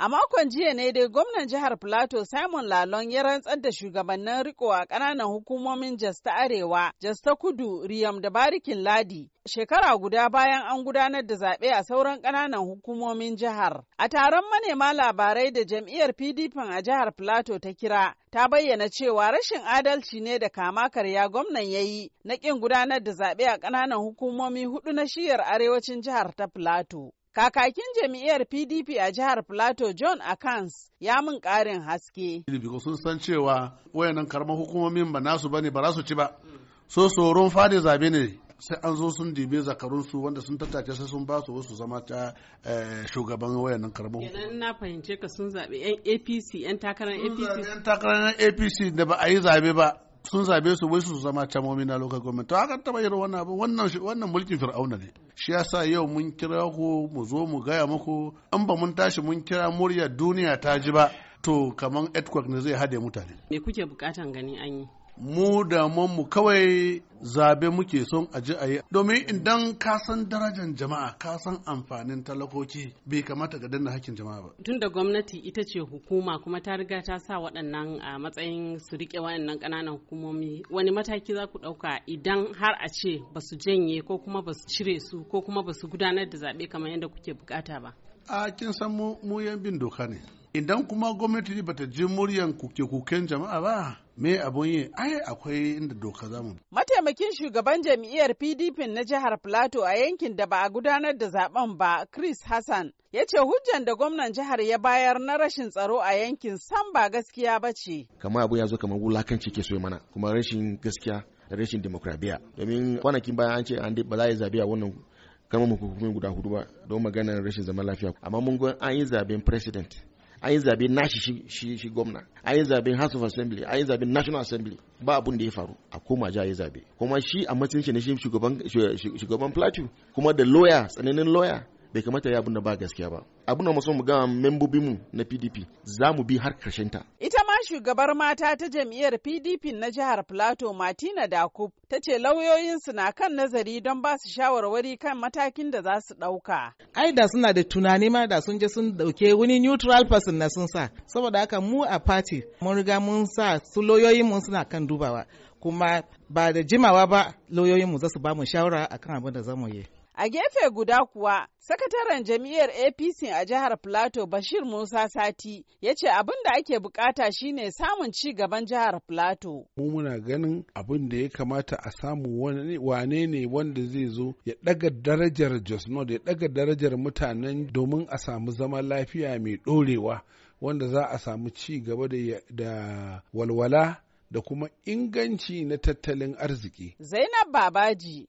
A makon jiya ne dai gwamnan jihar Plateau Simon Lalon ya rantsar da shugabannin riko a ƙananan hukumomin Jas ta Arewa, Jas ta Kudu, Riyam da Barikin Ladi. Shekara guda bayan an gudanar da zaɓe a sauran ƙananan hukumomin jihar. A taron manema labarai da jam'iyyar PDP a jihar Plateau ta kira, ta bayyana cewa rashin adalci ne da kama karya gwamnan ya yi na ƙin gudanar da zaɓe a ƙananan hukumomi hudu na shiyar arewacin jihar ta Plateau. Kakakin jami'iyar PDP a jihar Plato John Akans ya mun ƙarin haske. sun san cewa wayannan karamar hukumomin ba nasu bane ba su ci ba. So tsoron fadi zabe ne sai an zo sun dibe zakarunsu wanda sun tattace sai sun ba su wasu zama ta eh, shugaban wayannan karamar hukumomi. Idan na fahimce ka sun zaɓe 'yan APC 'yan takarar APC. 'yan takarar APC da ba a yi zabe ba sun zabe su wai su zama camomi na local government to haka taba yi wannan abu wannan wannan mulkin fir'auna ne shi yasa yau mun kira ku mu zo mu gaya muku an ba mun tashi mun kira murya duniya ta ji ba to kamar earthquake ne zai hade mutane me kuke bukatan gani an yi mu da mu kawai zabe muke son a ji a yi domin idan ka san darajar jama'a ka san amfanin talakoki bai kamata ga danna hakkin jama'a ba Tun da gwamnati ita ce hukuma kuma ta riga ta sa waɗannan a matsayin su rike waɗannan ƙananan hukumomi wani mataki za ku ɗauka idan har a ce ba su janye ko kuma ba su cire su ko kuma ba su gudanar da zaɓe kamar yadda kuke bukata ba a kin san mu yan bin doka ne idan kuma gwamnati bata ji muryan kuke-kuken jama'a ba me abun yi ai akwai inda doka zamu mataimakin shugaban jami'ar pdp na jihar plateau a yankin da ba a gudanar da zaben ba chris hassan ya ce hujjan da gwamnan jihar ya bayar na rashin tsaro a yankin san ba gaskiya ba ce kamar abu ya zo kamar wulakanci ke so mana kuma rashin gaskiya rashin demokradiya domin kwanakin bayan an ce an ba za a yi zabe a wannan kama mu hukumomi guda hudu ba don maganar rashin zaman lafiya amma mun gwan an yi zaben president an yi zaben nashi shi shi gwamna an yi zaben house of assembly an yi zaben national assembly ba abun da ya faru a koma ja ya zabe kuma shi a matsayin shi ne shi shugaban shugaban plateau kuma da lawyer tsananin lawyer bai kamata ya abinda ba gaskiya ba abin da mu ga membobinmu na pdp za mu bi har karshen ta ita ma shugabar mata ta jam'iyyar pdp na jihar plateau martina dakub ta ce lauyoyinsu na kan nazari don ba su shawarwari kan matakin da za su ɗauka ai da suna da tunani ma da sun je sun dauke wani neutral person na sun sa saboda haka mu a party mun riga mun sa su lauyoyin mun suna kan dubawa kuma ba da jimawa ba lauyoyinmu za su ba mu shawara akan abin da za mu yi A gefe guda kuwa, sakataren jam'iyyar APC a jihar Plateau Bashir Musa Sati ya ce abin da ake bukata shine samun ci gaban jihar Plateau. Mu muna ganin abin da ya kamata a samu wane ne wanda zai zo ya daga darajar Jos North ya daga darajar mutanen domin a samu zama lafiya mai dorewa wanda za a samu ci gaba da walwala da kuma inganci na tattalin arziki. Zainab Babaji